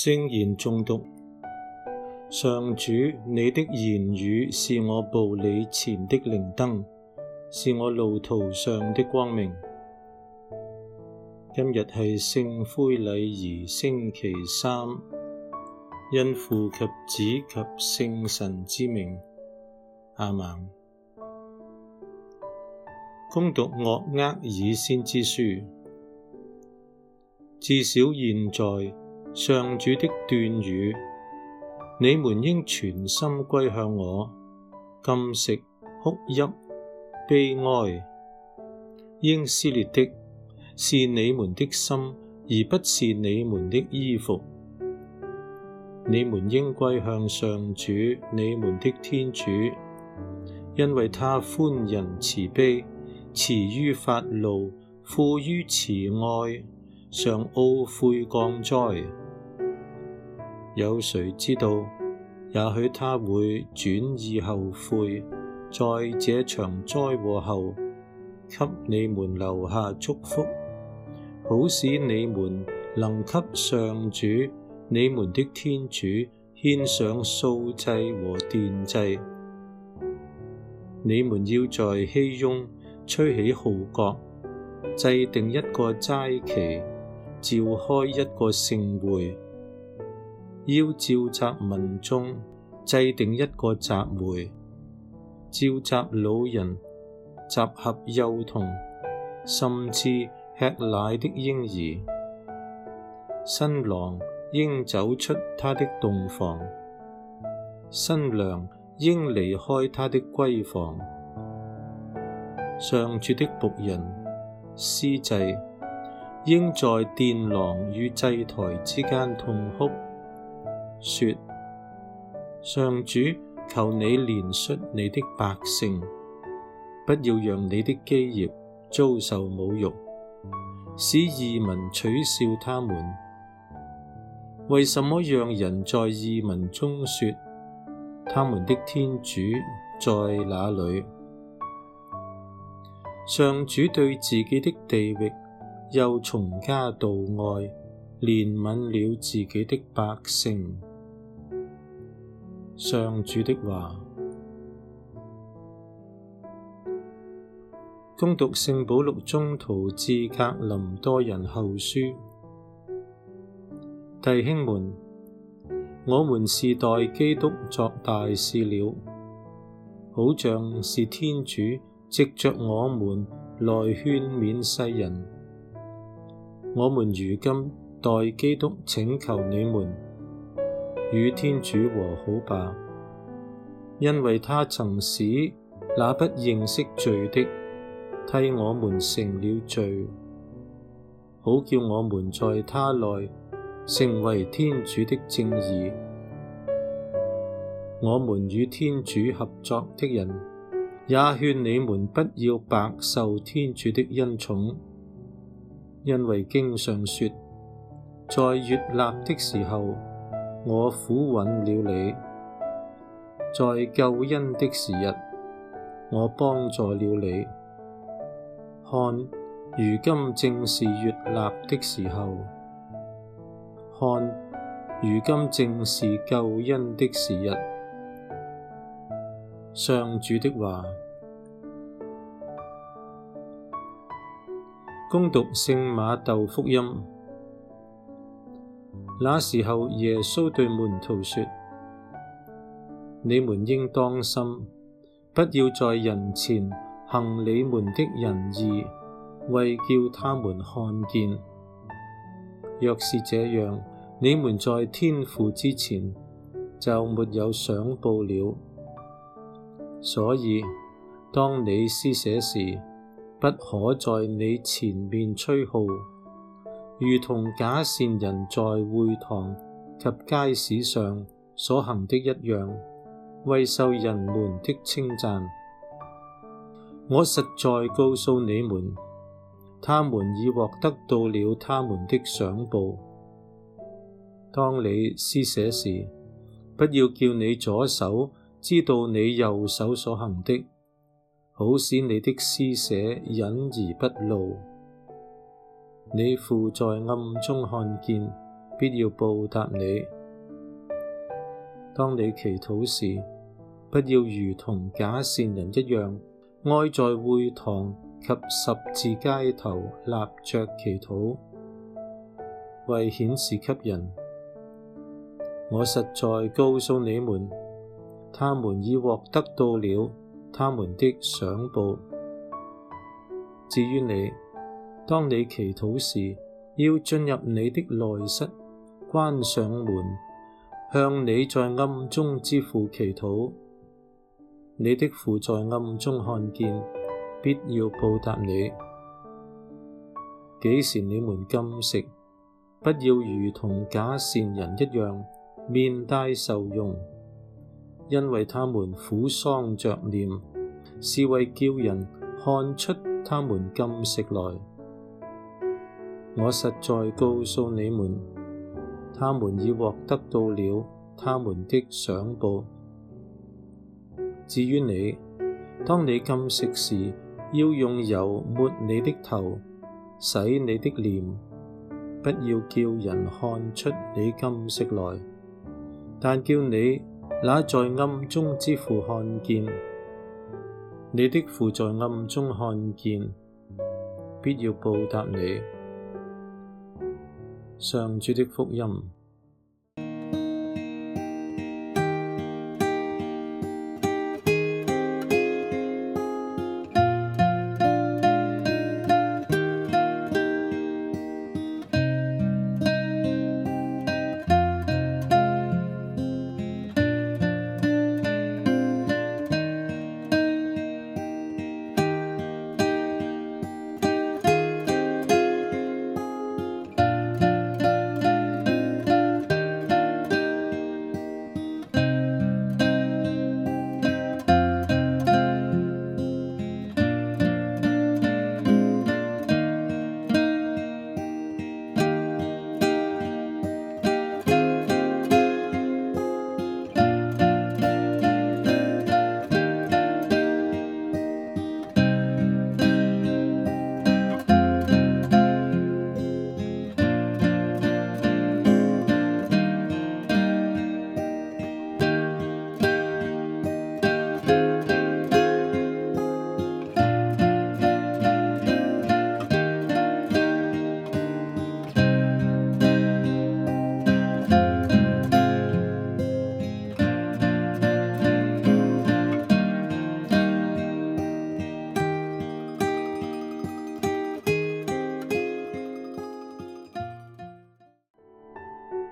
聖言誦讀。上主，你的言語是我步履前的靈燈，是我路途上的光明。今日係聖灰禮儀星期三，因父及子及聖神之名，阿門。恭讀岳厄爾先知書，至少現在。上主的斷語：你們應全心歸向我，禁食、哭泣、悲哀。應撕裂的是你們的心，而不是你們的衣服。你們應歸向上主，你們的天主，因為他寬仁慈悲，遲於發怒，富於慈愛，常懊悔降災。有誰知道，也許他會轉意後悔，在這場災禍後，給你們留下祝福，好使你們能給上主你們的天主獻上素祭和奠祭。你們要在熙雍吹起號角，制定一個齋期，召開一個盛會。要召集民眾，制定一個集會；召集老人、集合幼童，甚至吃奶的嬰兒。新郎應走出他的洞房，新娘應離開他的閨房。上主的僕人、司祭應在殿廊與祭台之間痛哭。說，上主，求你憐恤你的百姓，不要讓你的基業遭受侮辱，使異民取笑他們。為什麼讓人在異民中說，他們的天主在哪裏？上主對自己的地域又重加妒愛，憐憫了自己的百姓。上主的話：恭讀聖保祿宗徒致格林多人後書，弟兄們，我們是代基督作大使了，好像是天主藉着我們來勸勉世人。我們如今代基督請求你們。與天主和好吧，因為他曾使那不認識罪的替我們成了罪，好叫我們在他內成為天主的正義。我們與天主合作的人，也勸你們不要白受天主的恩寵，因為經上說，在悅納的時候。我俯允了你，在救恩的時日，我幫助了你。看，如今正是悅納的時候。看，如今正是救恩的時日。上主的話。恭讀聖瑪竇福音。那時候，耶穌對門徒說：你們應當心，不要在人前行你們的仁義，為叫他們看見。若是這樣，你們在天父之前就沒有賞報了。所以，當你施捨時，不可在你前面吹號。如同假善人在會堂及街市上所行的一樣，為受人們的稱讚。我實在告訴你們，他們已獲得到了他們的賞報。當你施捨時，不要叫你左手知道你右手所行的，好使你的施捨隱而不露。你父在暗中看見，必要報答你。當你祈禱時，不要如同假善人一樣，愛在會堂及十字街頭立着祈禱，為顯示給人。我實在告訴你們，他們已獲得到了他們的賞報。至於你，當你祈禱時，要進入你的內室，關上門，向你在暗中之父祈禱。你的父在暗中看見，必要報答你。幾時你們禁食，不要如同假善人一樣，面帶愁容，因為他們苦喪着臉，是為叫人看出他們禁食來。我實在告訴你們，他們已獲得到了他們的賞報。至於你，當你禁食時，要用油抹你的頭，洗你的臉，不要叫人看出你禁食來，但叫你那在暗中之父看見，你的父在暗中看見，必要報答你。上主的福音。